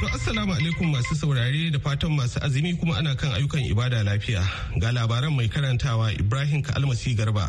To assalamu alaikum masu saurare da fatan masu azumi kuma ana kan ayyukan ibada lafiya ga labaran mai karantawa Ibrahim Kalmasi Garba.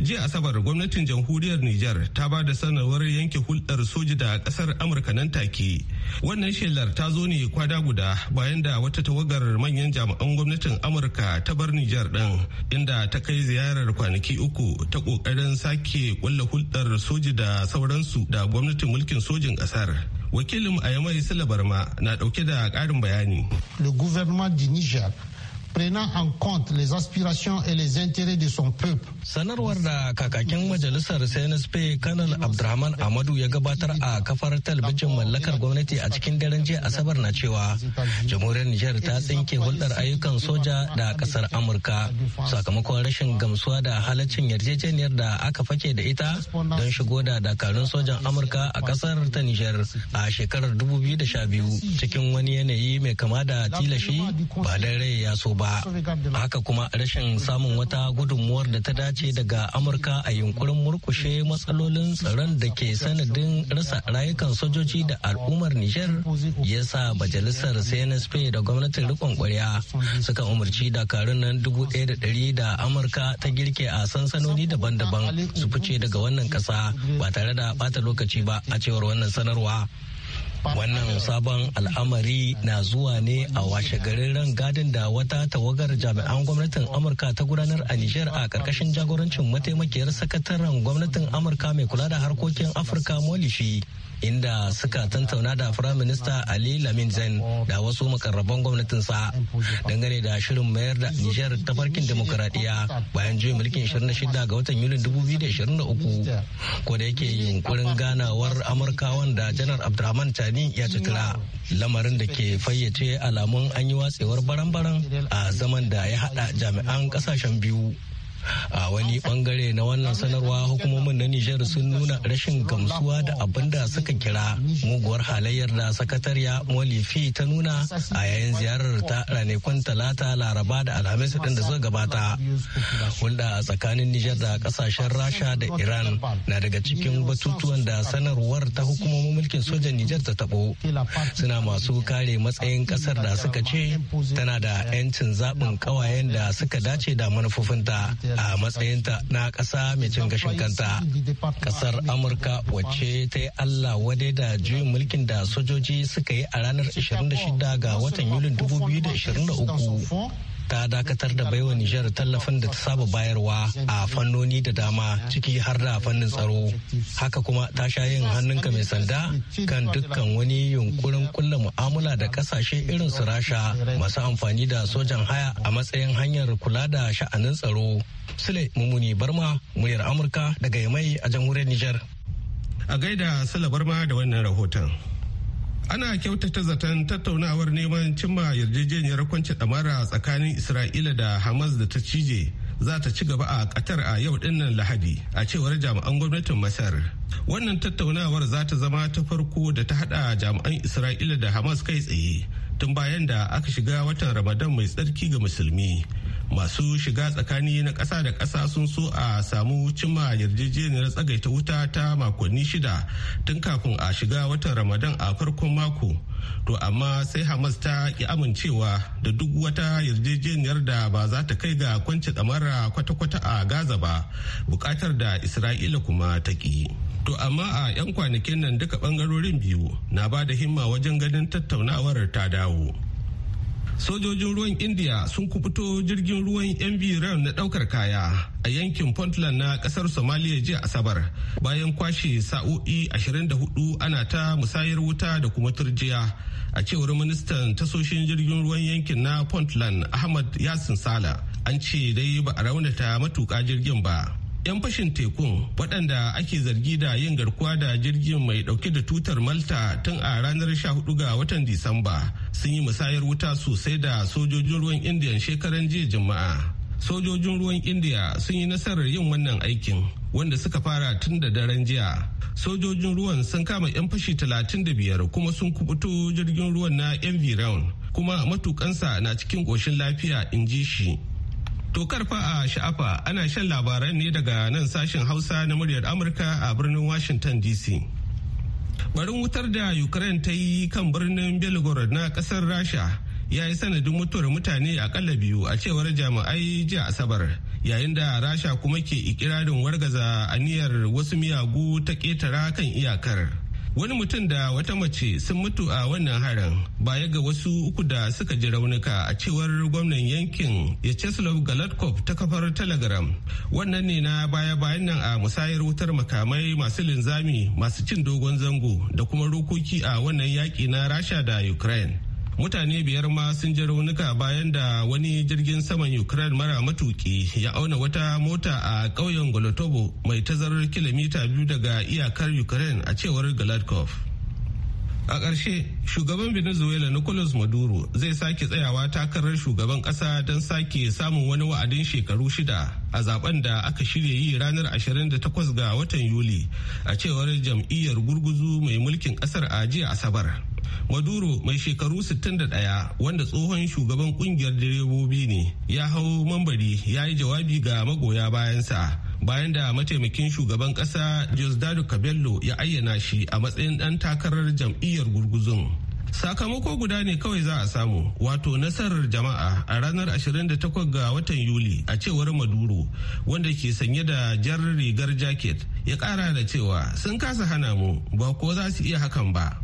Jiya Asabar gwamnatin jamhuriyar Nijar ta ba da sanarwar yanke hulɗar soji da ƙasar Amurka nan take. Wannan shelar ta zo ne kwada guda bayan da wata tawagar manyan jami'an gwamnatin Amurka ta bar Nijar ɗin inda ta kai ziyarar kwanaki uku ta ƙoƙarin sake ƙulla hulɗar soji da sauransu da gwamnatin mulkin sojin ƙasar. wakilin a yamai sila barma na dauke da karin bayani le gouvernement du niger prenant en compte les aspirations et les intérêts de son peuple. Sanarwar da kakakin majalisar CNSP Kanal Abdurrahman Amadu ya gabatar a kafar talabijin mallakar gwamnati a cikin daren jiya Asabar na cewa jamhuriyar Nijar ta tsinke hulɗar ayyukan soja da kasar Amurka sakamakon rashin gamsuwa da halaccin yarjejeniyar da aka fake da ita don shigo da dakarun sojan Amurka a ƙasar ta Nijar a shekarar 2012 cikin wani yanayi mai kama da tilashi ba rai ya so ba. ba haka kuma rashin samun wata gudunmuwar da ta dace daga amurka a yunkurin murkushe matsalolin tsaron da ke sanadin rasa rayukan sojoji da al'ummar nijar ya sa majalisar cnsp da gwamnatin rikon kwarya suka umarci dakarun nan dubu ɗaya da ɗari da amurka ta girke a sansanoni daban-daban su fice daga wannan ƙasa ba tare da ɓata lokaci ba a cewar wannan sanarwa Wannan sabon al'amari na zuwa ne a washe garin ran gadin da wata tawagar jami'an gwamnatin Amurka ta gudanar a Nijar a ƙarƙashin jagorancin mataimakiyar sakataren gwamnatin Amurka mai kula da harkokin Afirka Molishi inda suka tantauna da Firayim Minista Ali Lamin Zain da wasu makarraban gwamnatinsa dangane da shirin mayar da Nijar farkin demokuraɗiyya bayan juyin mulkin 26 ga watan Yulin 2023 ko da yake yunkurin ganawar Amurkawan da Janar Abdurrahman Tani ya citira lamarin da ke fayyace alamun an yi watsewar baran-baran a zaman da ya haɗa jami'an ƙasashen biyu. a wani bangare na wannan sanarwa hukumomin na nijar sun nuna rashin gamsuwa da abin da suka kira muguwar halayyar da sakatariya molifi ta nuna a yayin ziyarar ta ranakun talata laraba da alhamis din da suka gabata hulɗa a tsakanin nijar da kasashen rasha da iran na daga cikin batutuwan da sanarwar ta hukumomin mulkin sojan nijar ta tabo suna masu kare matsayin kasar da suka ce tana da 'yancin zaɓin ƙawayen da suka dace da manufofinta a matsayinta na ƙasa mai cin gashin kanta ƙasar amurka wacce ta yi allah wadai da juyin mulkin da sojoji suka yi a ranar 26 ga watan yulin 2023 ta dakatar da baiwa Nijar tallafin da ta saba bayarwa a fannoni da dama ciki har da fannin tsaro. Haka kuma ta sha yin hannunka mai sanda kan dukkan wani yunkurin kulla mu'amala da kasashe irin su Rasha masu amfani da sojan haya a matsayin hanyar kula da sha'anin tsaro. Sule Mumuni Barma, muryar Amurka daga Yamai a jamhuriyar Nijar. A gaida Sule Barma da wannan rahoton. ana kyautata zaton tattaunawar neman cimma yarjejeniyar kwanci damara tsakanin isra'ila da hamas da ta cije za ta ci gaba a katar a yau dinnan lahadi a cewar jami'an gwamnatin masar wannan tattaunawar za ta zama ta farko da ta hada jami'an isra'ila da hamas kai tsaye tun bayan da aka shiga watan ramadan mai tsarki ga musulmi masu shiga tsakani na ƙasa da ƙasa sun so a samu cimma yarjejeniyar tsagaita wuta ta makonni shida tun kafin a shiga watan ramadan a farkon mako to amma sai hamas ta ki amincewa da duk wata yarjejeniyar da ba za ta kai ga kwance tsamara kwata-kwata a gaza ba bukatar da isra'ila kuma ta ki to amma a 'yan kwanakin nan duka bangarorin biyu na ba da himma wajen ganin tattaunawar ta dawo sojojin ruwan india sun kubuto jirgin ruwan mv ram na daukar kaya a yankin pontland na kasar somalia jiya asabar bayan kwashe sa'o'i 24 ana ta musayar wuta da kuma turjiya a cewar ministan tasoshin jirgin ruwan yankin na puntland ahmad yasin sala an ce dai ba a raunata matuka jirgin ba 'yan fashin tekun waɗanda ake zargi da yin garkuwa da jirgin mai ɗauke da tutar malta tun a ranar 14 ga watan disamba sun yi musayar wuta sosai da sojojin ruwan indiya shekaran jiya juma'a sojojin ruwan indiya sun yi nasarar yin wannan aikin wanda suka fara tun da daren jiya sojojin ruwan sun kama 'yan fashi 35 kuma sun kubuto jirgin ruwan na mv round kuma matukansa na cikin ƙoshin lafiya in ji shi To karfa a sha'afa ana shan labaran ne daga nan sashen Hausa na muryar Amurka a birnin Washington DC. Barin wutar da Ukraine ta yi kan birnin Belgorod na kasar Rasha ya yi sanadin mutuwar mutane akalla biyu a cewar jami'ai jiya Asabar yayin da Rasha kuma ke ikirarin wargaza aniyar wasu miyagu ta ƙetara kan iyakar. wani mutum da wata mace sun mutu a wannan harin baya ga wasu uku da suka ji raunuka a cewar gwamnan yankin yacheslav galatkov ta kafar telegram wannan ne na baya-bayan nan a musayar wutar makamai masu linzami masu cin dogon zango da kuma rokoki a wannan yaƙi na rasha da ukraine mutane biyar ma sun ji raunuka bayan da wani jirgin saman ukraine mara matuki ya auna wata mota a ƙauyen golotobo mai tazarar kilomita biyu daga iyakar ukraine a cewar galadkov a ƙarshe shugaban venezuela nicolas maduro zai sake tsayawa takarar shugaban ƙasa don sake samun wani wa'adin shekaru shida a zaben da aka shirya yi ranar 28 ga watan yuli a cewar jam'iyyar gurguzu mai mulkin ƙasar a jiya asabar maduro mai shekaru 61 wanda tsohon shugaban kungiyar direbobi ne ya hau mambari ya yi jawabi ga magoya bayansa bayan da mataimakin shugaban kasa diosdado cabello ya ayyana shi a matsayin ɗan takarar jam'iyyar gurguzun sakamako guda ne kawai za a samu wato nasarar jama'a a ranar 28 ga watan yuli a cewar maduro wanda ke sanye da jar rigar jacket ya kara da cewa sun kasa hana mu ba ko za su iya hakan ba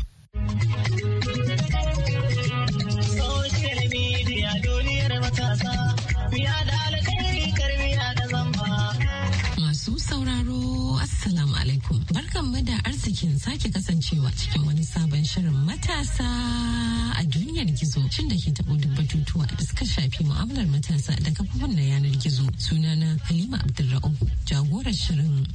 kan mada arzikin sake kasancewa cikin wani sabon shirin matasa a duniyar gizo shin da ke taɓo duk batutuwa da suka shafi mu'amalar matasa da kafofin na yanar gizo sunana halima abdulra'u jagorar shirin.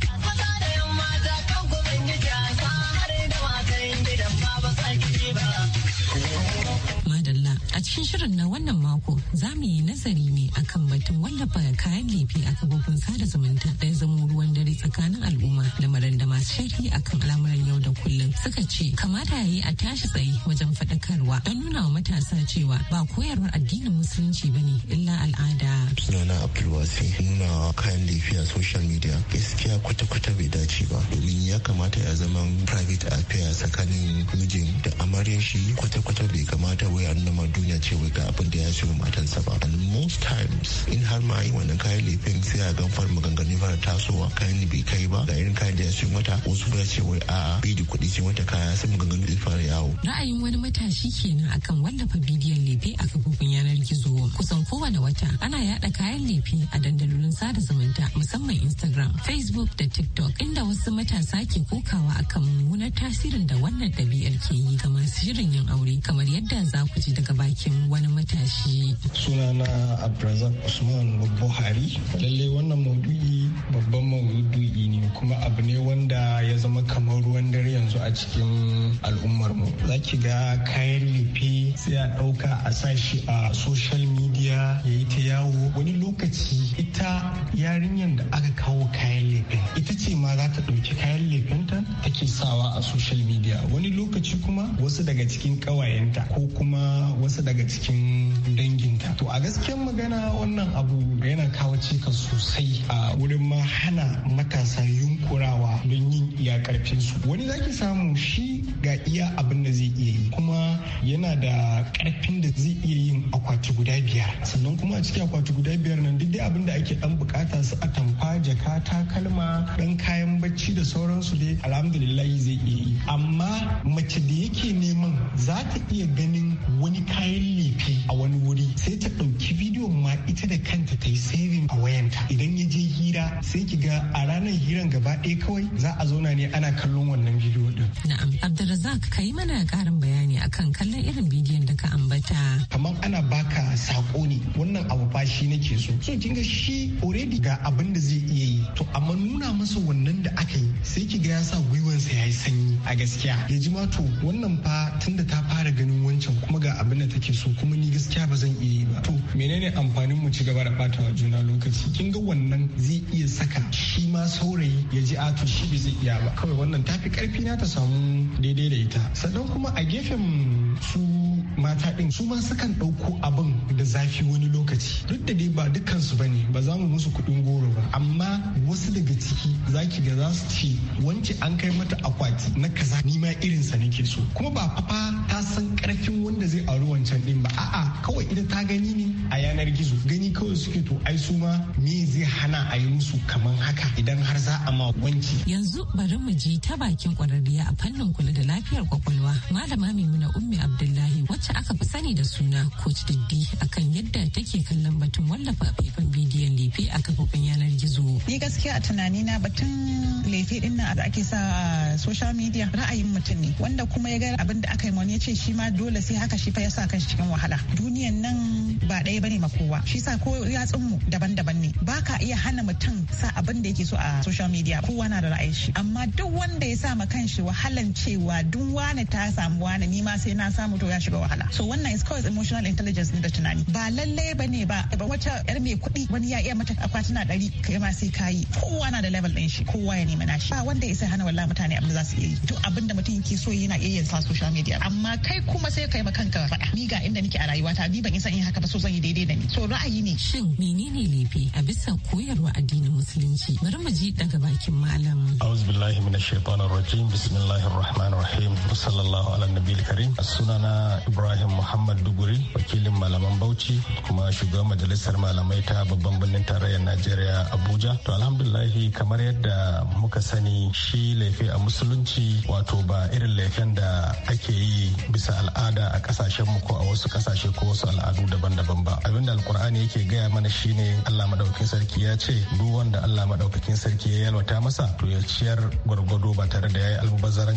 shirin na wannan mako za mu yi nazari ne akan batun wallafa kayan lefe a kafofin sada zumunta ɗaya zama ruwan dare tsakanin al'umma lamarin da masu sharhi akan al'amuran yau da kullum suka ce kamata ya yi a tashi tsaye wajen faɗakarwa don nuna wa matasa cewa ba koyarwar addinin musulunci ba ne illa al'ada. Sunana Abdulwasi nuna kayan lefe a social media gaskiya kwata-kwata bai dace ba domin ya kamata ya zama private affair tsakanin mijin da amaryar shi kwata-kwata bai kamata wai a nuna duniya ce ce ga abin da ya ce matansa ba and most times in har ma yi wannan kayan lefin sai a gan fara maganganu fara tasowa kayan bai kai ba ga irin kayan da ya ce mata wasu ba ce wai a bai da kuɗi sai wata kaya sai maganganu zai fara yawo. ra'ayin wani matashi kenan akan wallafa bidiyon lefe a kafofin yanar gizo kusan kowane wata ana yada kayan lefe a dandalolin sada zumunta musamman instagram facebook da tiktok inda wasu matasa ke kokawa akan mummunar tasirin da wannan ɗabi'ar ke yi ga masu shirin yin aure kamar yadda za ku ji daga bakin wani matashi. Sunana Abdulrazak Usman Buhari. Lallai wannan maudu'i babban maudu'i ne kuma abu ne wanda ya zama kamar ruwan dare yanzu a cikin al'ummarmu. Za ki ga kayan lefe sai a ɗauka a sa shi a social media kungiya ya yi ta yawo wani lokaci ita yarinyar da aka kawo kayan lefen ita ce ma za ta ɗauki kayan lefen ta take sawa a social media wani lokaci kuma wasu daga cikin ƙawayenta ko kuma wasu daga cikin danginta to a gaskiyar magana wannan abu yana kawo cikas sosai a wurin ma hana matasa yunkurawa don yin iya su wani zaki samu shi ga iya abin da zai iya yi kuma yana da karfin da zai iya yin akwati guda biyar sannan kuma a cikin akwati guda biyar nan duk dai abin da ake dan bukata su a tamfa jaka takalma dan kayan bacci da sauransu dai alhamdulillah zai iya yi amma mace da yake neman za ta iya ganin wani kayan lefe a wani wuri sai ta ɗauki bidiyon ma ita da kanta ta yi saving a wayanta idan ya je hira sai ki ga a ranar hiran gaba ɗaya kawai za a zauna ne ana kallon wannan bidiyo din. Na'am Abdulrazak ka yi mana karin bayani akan kallon irin bidiyon da ka ambata. Kamar ana baka sako sako wannan abu ba shi nake so so kin ga shi already ga abin da zai iya yi to amma nuna masa wannan da aka yi sai ki ga ya sa gwiwansa ya yi sanyi a gaskiya ya ji ma to wannan fa tunda ta fara ganin wancan kuma ga abin da take so kuma ni gaskiya ba zan iya yi ba to menene amfanin mu ci gaba da bata wa juna lokaci kin ga wannan zai iya saka shi ma saurayi ya ji a to shi bai zai iya ba kawai wannan tafi karfi na ta samu daidai da ita sannan kuma a gefen su mata ɗin su ma sukan ɗauko abin da zafi wani lokaci duk da dai ba dukansu ba ne ba za mu musu kuɗin goro ba amma wasu daga ciki za ki ga za su ce wance an kai mata akwati na kaza ni ma sa nake so kuma ba fa ta san ƙarfin wanda zai auri wancan ɗin ba a'a kawai ita ta gani ne a yanar gizo gani kawai suke to ai su ma me zai hana a yi musu kaman haka idan har za a ma wanci. yanzu bari mu je ta bakin kwararriya a fannin kula da lafiyar kwakwalwa malama maimuna ummi abdullahi wacce wacce aka fi sani da suna coach diddi akan yadda take kallon batun wallafa faifan bidiyon lefe a kafofin yanar gizo ni gaskiya a na batun lefe din nan da ake sa a social media ra'ayin mutum ne wanda kuma ya ga abin da aka yi wani ya ce shi ma dole sai haka shi fa ya sa kan cikin wahala duniyan nan ba ɗaya bane ma kowa shi sa ko yatsun mu daban-daban ne ba ka iya hana mutum sa abin da yake so a social media kowa na da ra'ayin shi amma duk wanda ya sa ma kan kanshi wahalan cewa duk wani ta samu wani ni ma sai na samu to ya shiga wahala wahala so wannan is called emotional intelligence da tunani ba lalle ba ne ba ba wata yar mai kuɗi wani ya iya mata akwatuna ɗari kai ma sai kayi kowa na da level ɗin shi kowa ya nema nashi ba wanda ya sai hana wallahi mutane abin da za su iya yi duk abin da mutum yake so yana iya yin sa social media amma kai kuma sai kai ma kanka faɗa ni ga inda nake a rayuwata ni ban isa in haka ba so zan yi daidai da ni so ra'ayi ne shin menene laifi a bisa koyarwa addinin musulunci bari mu ji daga bakin malam a'udhu billahi minash shaitanir rajim bismillahir rahmanir rahim sallallahu ala nabiyil sunana ibrahim ibrahim muhammad duguri wakilin malaman bauchi kuma shugaban majalisar malamai ta babban birnin tarayyar najeriya abuja to alhamdulahi kamar yadda muka sani shi laifi a musulunci wato ba irin laifin da ake yi bisa al'ada a kasashen mu ko a wasu kasashe ko wasu al'adu daban-daban ba abin da alkur'ani yake gaya mana shine allah madaukakin sarki ya ce duk wanda allah madaukakin sarki ya yalwata masa to ya ciyar gwargwado ba tare da yayi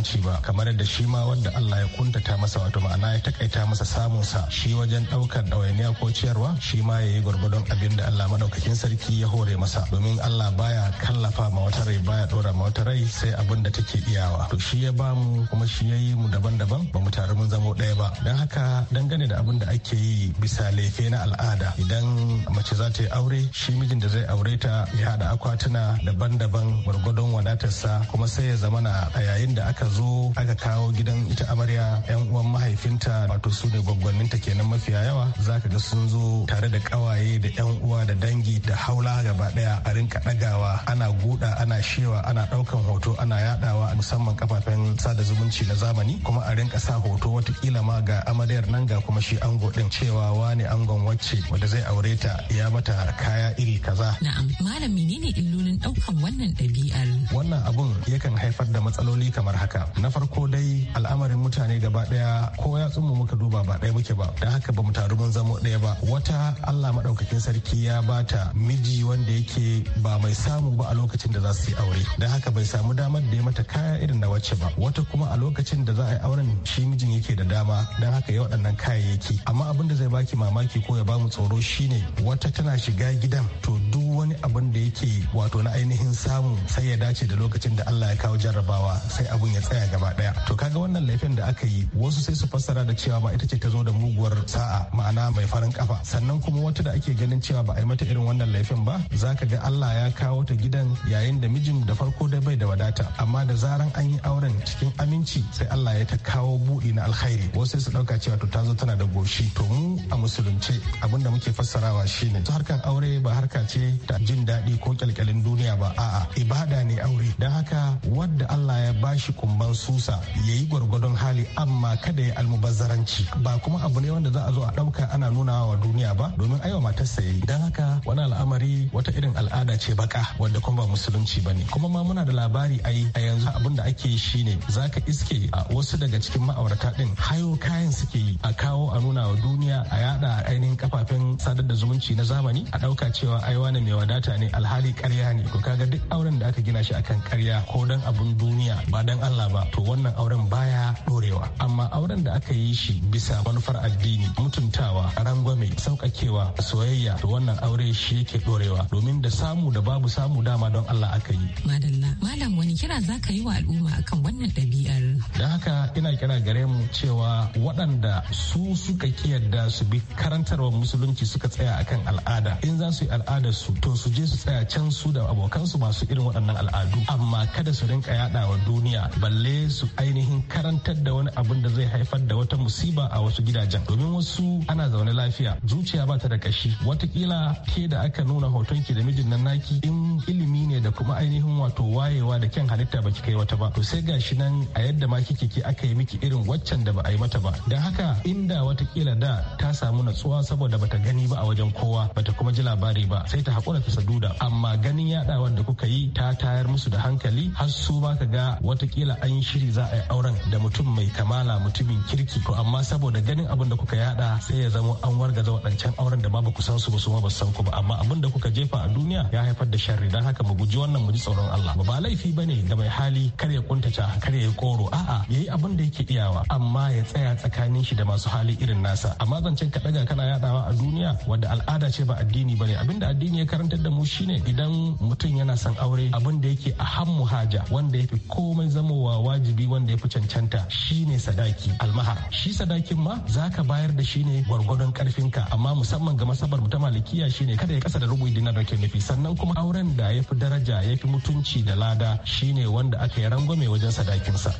yi ba kamar yadda shi ma wanda allah ya kuntata masa wato ma'ana ya takaita ta masa samunsa shi wajen ɗaukar ɗawainiya ko ciyarwa shi ma ya yi gwargwadon abin da Allah maɗaukakin sarki ya hore masa domin Allah baya kallafa ma wata rai baya ɗora ma wata rai sai abin da take iyawa to shi ya bamu kuma shi ya yi mu daban-daban ba mu tare mun zamo ɗaya ba don haka dangane da abin da ake yi bisa laife na al'ada idan mace za ta yi aure shi mijin da zai aure ta ya haɗa akwatuna daban-daban gwargwadon wadatarsa kuma sai ya zamana a yayin da aka zo aka kawo gidan ita amarya 'yan uwan mahaifinta wato to su da gwaggwaninta kenan mafiya yawa za ka ga sun zo tare da kawaye da yan uwa da dangi da haula gaba daya a rinka dagawa ana guda ana shewa ana daukan hoto ana yadawa musamman kafafen sada zumunci na zamani kuma a rinka sa hoto watakila ma ga amaryar nan ga kuma shi ango din cewa wani angon wacce wanda zai aure ta ya mata kaya iri kaza na'am malam menene illolin daukan wannan dabi'ar wannan abun yakan haifar da matsaloli kamar haka na farko dai al'amarin mutane gaba daya ko ya tsumu muka duba ba ɗaya muke ba don haka ba mu taru mun zama ɗaya ba wata Allah maɗaukakin sarki ya bata miji wanda yake ba mai samu ba a lokacin da za su yi aure don haka bai samu damar da ya mata kaya irin na wacce ba wata kuma a lokacin da za a yi auren shi mijin yake da dama don haka ya waɗannan kayayyaki amma abin da zai baki mamaki ko ya bamu tsoro shine wata tana shiga gidan to duk wani abin da yake wato na ainihin samu sai ya dace da lokacin da Allah ya kawo jarrabawa sai abun ya tsaya gaba ɗaya to kaga wannan laifin da aka yi wasu sai su fassara da cewa ba ita ce ta zo da muguwar sa'a ma'ana mai farin kafa sannan kuma wata da ake ganin cewa ba a yi mata irin wannan laifin ba za ka ga Allah ya kawo ta gidan yayin da mijin da farko da bai da wadata amma da zaran an yi auren cikin aminci sai Allah ya ta kawo buɗi na alkhairi wasu su ɗauka cewa to ta zo tana da goshi to mu a musulunce abin da muke fassarawa shine su harkar aure ba harka ce ta jin daɗi ko kyalkyalin duniya ba a'a ibada ne aure don haka wadda Allah ya bashi kumban susa yayi gwargwadon hali amma kada ya almubazzaranci ci ba kuma abu ne wanda za a zo a ɗauka ana nuna wa duniya ba domin aiwa matarsa yayi don haka wani al'amari wata irin al'ada ce baka wanda kuma ba musulunci ba ne kuma ma muna da labari a yi a yanzu abin da ake yi shine zaka iske a wasu daga cikin ma'aurata din hayo kayan suke yi a kawo a nuna wa duniya a yada ainihin kafafen sadar da zumunci na zamani a ɗauka cewa ai wani mai wadata ne alhali ƙarya ne to kaga duk auren da aka gina shi akan ƙarya ko dan abun duniya ba dan Allah ba to wannan auren baya dorewa amma auren da aka yi shi bisa manufar addini mutuntawa rangwame sauƙaƙewa soyayya to wannan aure shi yake ɗorewa domin da samu da babu samu dama don Allah aka yi. Madalla malam wani kira za ka yi wa al'umma akan wannan ɗabi'ar. Da haka ina kira gare mu cewa waɗanda su suka kiyarda su bi karantarwar musulunci suka tsaya akan al'ada in za su yi al'adar su to su je su tsaya can su da abokansu masu irin waɗannan al'adu amma kada su rinka yaɗa wa duniya balle su ainihin karantar da wani abin da zai haifar da wata musibi. musiba a wasu gidajen domin wasu ana zaune lafiya zuciya ba ta da kashi watakila ke da aka nuna hoton ki da mijin nan naki in ilimi ne da kuma ainihin wato wayewa da kyan halitta ba baki kai wata ba to sai gashi nan a yadda ma kike ki aka yi miki irin waccan da ba a yi mata ba dan haka inda watakila da ta samu natsuwa saboda bata gani ba a wajen kowa bata kuma ji labari ba sai ta hakura ta saduda amma ganin yadawar da kuka yi ta tayar musu da hankali har su ba ka ga watakila an shiri za a yi auren da mutum mai kamala mutumin kirki to amma amma saboda ganin abin da kuka yada sai ya zama an wargaza waɗancan auren da babu ba ku san su ba su ma ba san ku ba amma abin da kuka jefa a duniya ya haifar da sharri don haka mu guji wannan mu ji tsoron Allah ba laifi bane da mai hali kar ya kuntata kar ya koro a'a yayi abin da yake iyawa amma ya tsaya tsakanin shi da masu hali irin nasa amma zancen ka daga kana yadawa a duniya wanda al'ada ce ba addini bane da addini ya karantar da mu shine idan mutum yana son aure abin da yake a hammu haja wanda yafi komai zamowa wajibi wanda yafi cancanta shine sadaki almahar shi sadaki sadakin ma za ka bayar da shi ne gwargwadon karfinka amma musamman ga masabar ta malikiya ne kada ya kasa da rubu'i dinar da ke nufi sannan kuma auren da ya fi daraja ya fi mutunci da lada shi ne wanda aka yi rangwame wajen sa.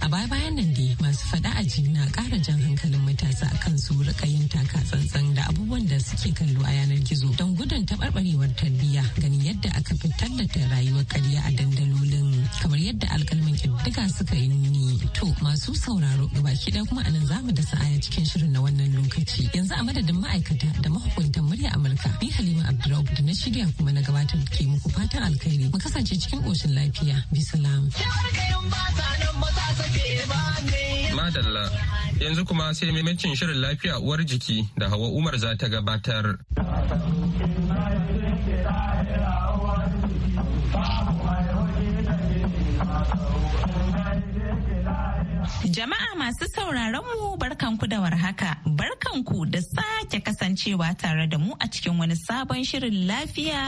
A baya bayan nan dai masu faɗa a na kara jan hankalin matasa akan su rika yin taka tsantsan da abubuwan da suke kallo a yanar gizo don gudun taɓarɓarewar tarbiyya ganin yadda aka fi tallata rayuwar ƙarya a dandalolin kamar yadda alƙalmin ƙiddiga suka yi nuni. To masu sauraro gabaki ɗaya kuma anan zamu da sa'ayar cikin shirin na wannan lokaci. Yanzu a madadin ma'aikata da mahukuntan murya Amurka, ni Halima Abdurrahman da na shirya kuma na gabatar ke muku fatan alkhairi. Mu kasance cikin ƙoshin lafiya. Bisalam. Madalla, yanzu kuma sai maimacin shirin lafiya uwar jiki da Hawa Umar za ta gabatar. Jama'a masu sauraron mu barkanku da warhaka. Barkanku da sake kasancewa tare da mu a cikin wani sabon shirin lafiya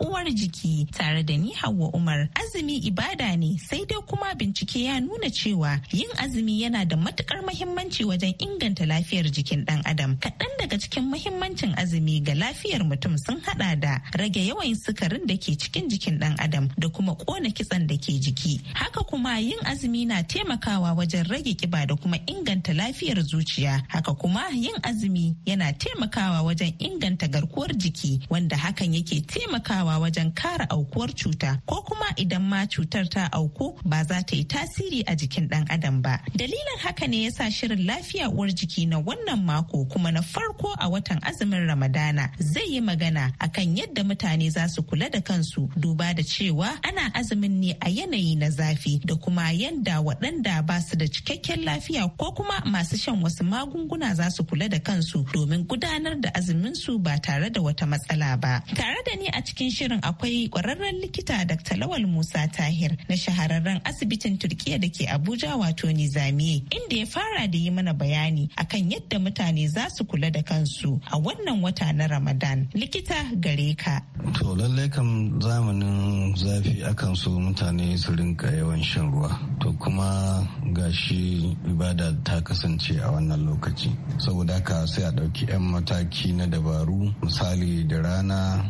uwar jiki tare da ni Hauwa Umar. Azumi ibada ne sai dai kuma bincike ya nuna cewa yin azumi yana da matukar mahimmanci wajen inganta lafiyar jikin dan adam. Kaɗan daga cikin mahimmancin azumi ga lafiyar mutum sun haɗa da rage yawan sukarin da ke cikin jikin dan adam da kuma kona kitson da ke jiki. Haka kuma yin azumi na taimaka taimakawa wajen rage kiba da kuma inganta lafiyar zuciya. Haka kuma yin azumi yana taimakawa wajen inganta garkuwar jiki wanda hakan yake taimakawa wajen kara aukuwar cuta ko kuma idan ma cutar ta auku ba za ta yi tasiri a jikin dan adam ba. Dalilin haka ne yasa shirin lafiya uwar jiki na wannan mako kuma na farko a watan azumin Ramadana zai yi magana akan yadda mutane za su kula da kansu duba da cewa ana azumin ne a yanayi na zafi da kuma yanda waɗanda ba su da cikakken lafiya ko kuma masu shan wasu magunguna za su kula da kansu domin gudanar da azumin su ba tare da wata matsala ba. Tare da ni a cikin shirin akwai kwararren likita Dr. Lawal Musa Tahir na shahararren asibitin Turkiya da ke Abuja wato Nizamiye inda ya fara da yi mana bayani akan yadda mutane za su kula da kansu a wannan wata na Ramadan. Likita gare ka. To lallai kam zamanin zafi akan so mutane su rinka yawan shan ruwa. To kuma gashi ibada ta kasance a wannan lokaci saboda haka sai a ɗauki 'yan mataki na dabaru misali da rana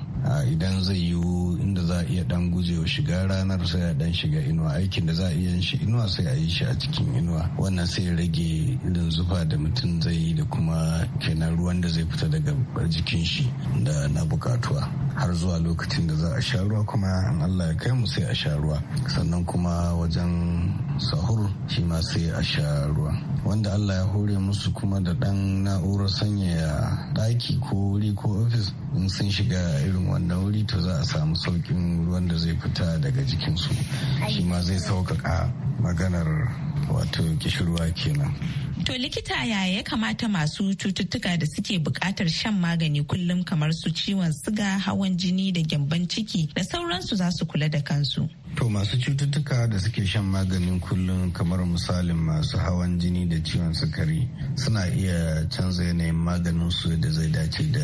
idan zai yiwu inda za a iya dan gujewa shiga ranar sai a dan shiga inuwa aikin da za a iya shi inuwa sai a yi shi a cikin inuwa wannan sai rage irin zufa da mutum zai yi da kuma kenan ruwan da zai fita daga jikin shi da na bukatuwa har zuwa lokacin da za a sha ruwa kuma in allah ya kai mu sai a sha ruwa sannan kuma wajen sahur shi ma sai a sha ruwa wanda allah ya hore musu kuma da dan na'urar sanyaya daki ko wuri ko ofis in sun shiga irin wannan wuri to za a samu saukin ruwan da zai fita daga jikinsu shi ma zai sauƙaƙa maganar wato kishirwa kenan To likita yaya ya kamata masu cututtuka da suke buƙatar shan magani kullum kamar su ciwon siga, hawan jini da gyamban ciki da sauransu za su kula da kansu. To masu cututtuka da suke shan maganin kullum kamar misalin masu hawan jini da ciwon sukari suna iya canza yanayin maganin su da zai dace da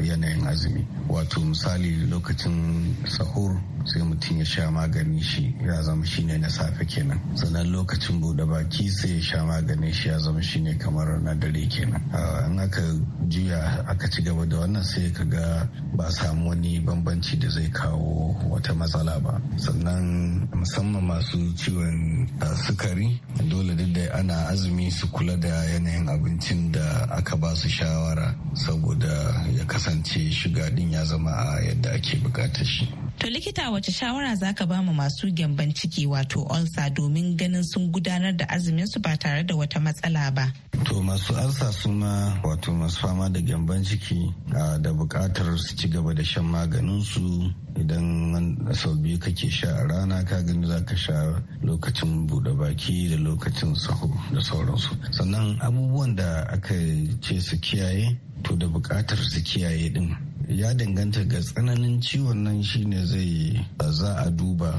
yanayin azumi. Wato misali lokacin sahur sai mutum ya sha magani shi ya zama shi ne na safe kenan. Sannan lokacin buɗe baki sai ya sha maganin shi ya zama shi ne kamar na dare kenan. In aka juya aka ci gaba da wannan sai ka ga ba samu wani bambanci da zai kawo wata matsala ba. Sannan mutanen musamman masu ciwon ah, sukari dole duk da ana azumi su kula da yanayin abincin da aka ba su shawara saboda ya kasance shiga din ya zama a yadda ake bukatar shi. To likita wace shawara za ka ba masu gyamban ciki wato olsa domin ganin sun gudanar da azumin su ba tare da wata matsala ba. To masu alsa suna wato masu fama da gyamban ciki ah, da bukatar su ci gaba da shan maganin su idan sau biyu kake sha a rana ka gani za ka sha lokacin bude baki da lokacin saho da sauransu sannan abubuwan da aka ce su kiyaye to da bukatar su kiyaye din ya danganta ga tsananin ciwon nan shine zai za a duba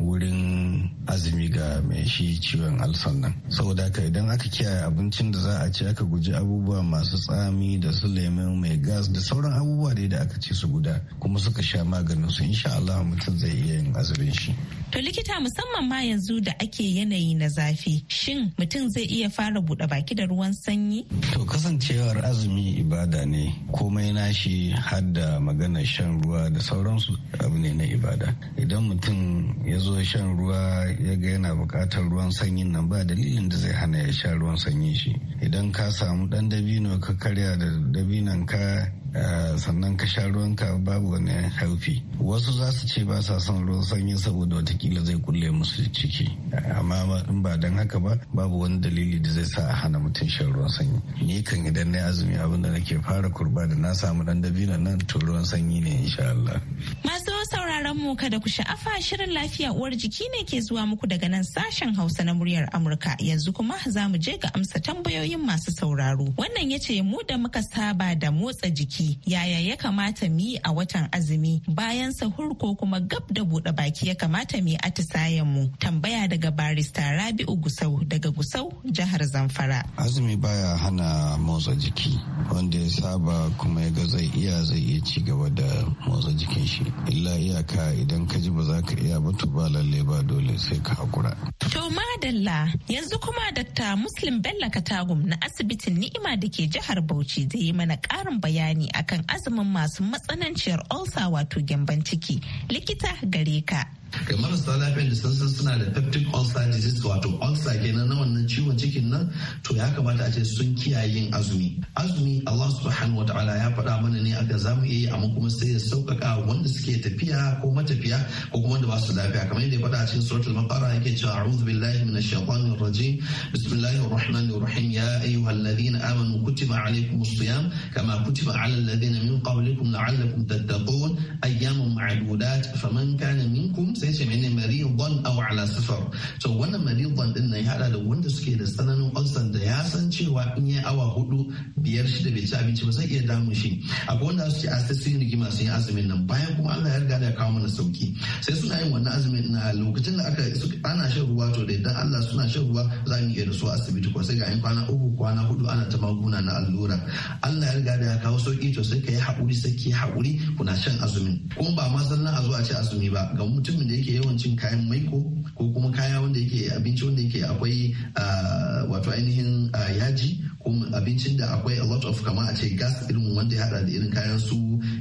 wurin azumi ga mai shi ciwon alsan nan saboda haka idan aka kiyaye abincin da za a ci aka guji abubuwa masu tsami da su lemon mai gas da sauran abubuwa da aka ci su guda kuma suka sha maganin su insha Allah mutum zai iya yin azumin shi to likita musamman ma yanzu da ake yanayi na zafi shin mutum zai iya fara buɗe baki da ruwan sanyi to kasancewar azumi ibada ne komai nashi har da maganar shan ruwa da sauransu abu ne na ibada idan mutum ya zo zo shan ruwa ya ga yana buƙatar ruwan sanyin nan ba dalilin da zai hana ya sha ruwan sanyin shi idan ka samu ɗan dabino ka karya da dabinon ka Eh, sannan ka sha ruwanka babu wani haifi wasu za su ce ba sa son ruwan sanyi saboda watakila zai kulle musu ciki eh, amma in ba don haka ba babu wani dalili da zai sa a hana mutum shan ruwan sanyi ni kan idan na azumi abin da nake fara kurba da na samu dan dabino nan to ruwan sanyi ne insha Allah masu sauraron mu kada ku sha'afa shirin lafiya uwar jiki ne ke zuwa muku daga nan sashen Hausa na muryar Amurka yanzu kuma za mu je ga amsa tambayoyin masu sauraro wannan ya ce mu da muka saba da motsa jiki baki yaya ya kamata mi a watan azumi bayan sahur ko kuma gab da buɗe baki ya kamata mu yi atisayen mu tambaya daga barista Rabi'u Gusau daga Gusau jihar Zamfara. Azumi baya hana motsa jiki wanda ya saba kuma ya ga zai iya zai iya ci gaba da motsa jikin shi illa iyaka idan ka ji ba za ka iya ba to ba lalle ba dole sai ka hakura. To madalla yanzu kuma dakta Muslim Bello Katagum na asibitin Ni'ima da ke jihar Bauchi zai yi mana ƙarin bayani akan azumin masu matsananciyar ulcer wato gyambon ciki likita gare ka kamar marasa lafiyan da sun san suna da peptic ulcer disease wato ulcer kenan na wannan ciwon cikin nan to ya kamata a ce sun kiyaye yin azumi azumi Allah subhanahu wa ta'ala ya faɗa mana ne aka zamu iya yi amma kuma sai ya sauƙaƙa wanda suke tafiya ko matafiya ko kuma wanda ba su lafiya kamar yadda ya faɗa a cikin suratul baqara yake cewa a'udhu billahi minash shaitanir rajim bismillahir rahmanir rahim ya ayyuhalladhina amanu kutiba alaykumus siyam kama kutiba alal ladina min qablikum la'allakum tattaqun ayyamun ma'dudat faman kana minkum sai ce mene ban a ala sifar to wannan ban din nan ya hada da wanda suke da tsananin ulcer da ya san cewa in ya awa hudu biyar shida bai ci abinci ba zai iya damu shi akwai wanda su ce a sai rigima sun yi azumin nan bayan kuma Allah ya riga da ya kawo mana sauki sai suna yin wannan azumin na lokacin da aka ana shan ruwa to da idan Allah suna shan ruwa za mu iya rasuwa asibiti ko sai ga yan kwana uku kwana hudu ana ta maguna na allura Allah ya riga da ya kawo sauki to sai ka yi haƙuri sai yi haƙuri kuna shan azumin ko ba ma zallan a zo a ci azumi ba ga mutumin da yake yawan cin kayan maiko ko kuma kaya wanda yake abinci wanda yake akwai ah, wato ainihin ah, yaji Um, abincin da akwai a lot of kama a ce gas irin wanda ya hada da irin kayan su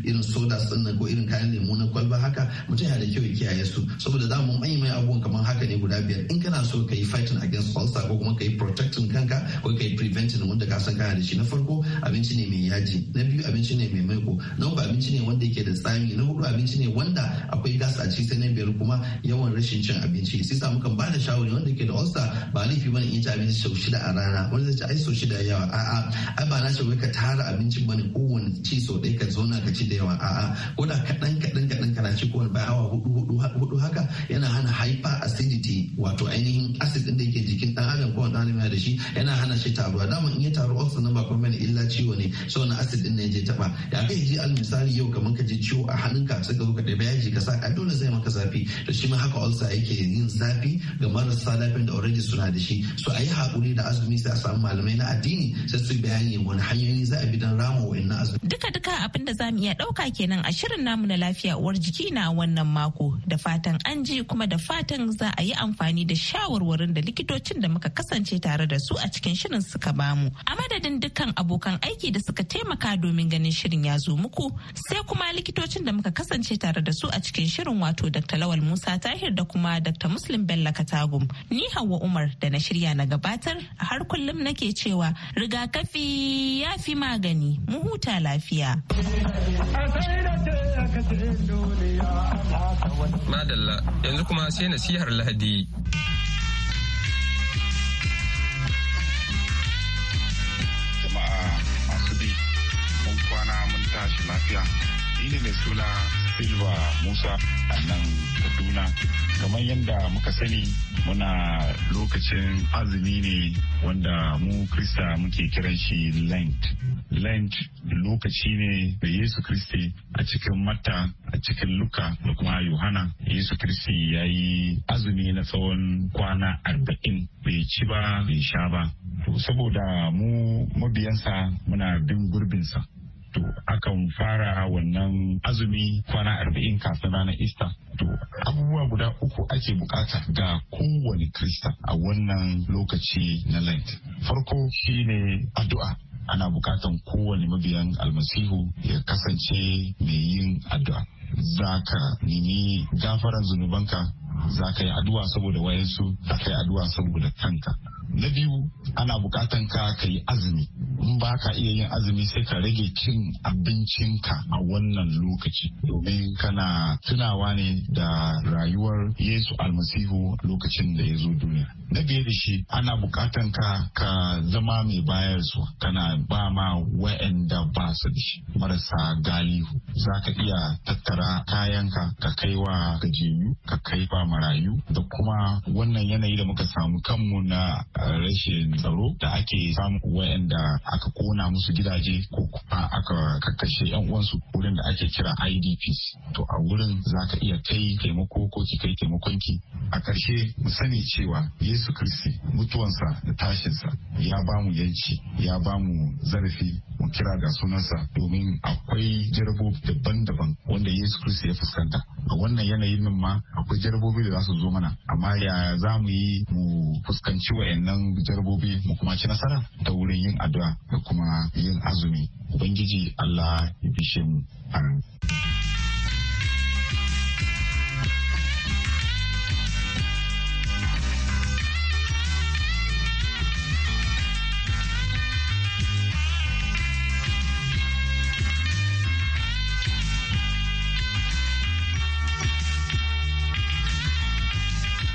irin soda din nan ko irin kayan lemu na kwalba haka mutum ya da kyau ya kiyaye su saboda za mu mai mai abubuwan kamar haka ne guda biyar in kana so ka yi fighting against ulcer ko kuma ka yi protecting kanka ko ka yi preventing wanda ka san kana da shi na farko abinci ne mai yaji na biyu abinci ne mai maiko na uku abinci ne wanda yake da tsami na hudu abinci ne wanda akwai gas a ciki sai na biyar kuma yawan rashin cin abinci sai sa mukan ba da shawari wanda yake da ulcer ba laifi bane in ci abinci sau shida a rana wanda zai ci ai sau shida yawa a'a ai ba na ce ka tara abincin bane kowane ci so ɗaya ka zauna ka ci da yawa a'a ko da kaɗan kaɗan kaɗan kana ci kowane bayan awa hudu hudu haka yana hana hyper acidity wato ainihin acid din da yake jikin dan adam ko dan adam da shi yana hana shi taruwa daman in ya taru oxygen na ba kuma bane illa ciwo ne so na acid ɗin ne je taba ya kai ji al misali yau kamar ka ji ciwo a hannunka sai ka zo ka bai yaji ka sa a dole zai maka zafi to shi ma haka ulcer yake yin zafi ga marasa lafiyan da already suna da shi so a yi da azumi sai a samu malamai na addini ne sai su bayani wani hanyoyi za a bi don wa inna azumi. Duka-duka abin da za mu iya ɗauka kenan a shirin namu na lafiya uwar jiki na wannan mako da fatan an ji kuma da fatan za a yi amfani da shawarwarin da likitocin da muka kasance tare da su a cikin shirin suka bamu. A madadin dukkan abokan aiki da suka taimaka domin ganin shirin ya zo muku sai kuma likitocin da muka kasance tare da su a cikin shirin wato Dr. Lawal Musa Tahir da kuma Dr. Muslim Bello Katagum. Ni Hauwa Umar da na shirya na gabatar a har kullum nake cewa rigakafi ya fi magani mu huta lafiya. Madalla yanzu kuma sai nasihar Lahadi. Jama'a masu bi mun kwana mun tashi lafiya. ni ne suna silva musa a nan kaduna kamar yadda muka sani muna lokacin azumi ne wanda mu krista muke kiran shi lent lent lokaci ne da yesu kristi a cikin mata a cikin luka da kuma yohana yesu kristi ya yi azumi na tsawon kwana arba'in bai ci ba bai sha ba saboda mu mabiyansa muna bin gurbinsa to akan fara wannan azumi kwana arba'in kafin ranar Easter. To abubuwa guda uku ake bukata ga kowane Krista a wannan lokaci na Lent. Farko shine addu'a. Ana bukatan kowane mabiyan almasihu ya kasance mai yin addu'a. zaka ka nemi gafaran zunubanka zaka yi addu'a saboda wayansu za yi addu'a saboda kanka na biyu ana bukatan ka ka yi azumi in ba ka iya yin azumi sai ka rage cin abincinka a wannan lokaci domin kana tunawa ne da rayuwar yesu almasihu lokacin da ya zo duniya na biyu da shi ana bukatan ka ka zama mai bayar su kana ba ma wa'anda ba su da shi marasa galihu za ka iya tattara kayanka ka kai wa gajiyu ka kai ba marayu da kuma wannan yanayi da muka samu kanmu na rashin tsaro da ake samu wayanda aka kona musu gidaje ko kuma aka kakkashe yan uwansu wurin da ake kira IDPs to a wurin za ka iya kai taimako ko ki kai taimakon ki a karshe mu sani cewa Yesu Kristi mutuwansa da tashinsa ya ba mu yanci ya ba mu zarafi mu kira ga sunansa domin akwai jarabobi daban-daban wanda Yesu Kristi ya fuskanta a wannan yanayin nan ma akwai jarabobi da za su zo mana amma ya za mu yi mu fuskanci wayannan jarabobi mu kuma ci nasara ta wurin yin addu'a da kuma yin azumi ubangiji Allah ya bishe mu amin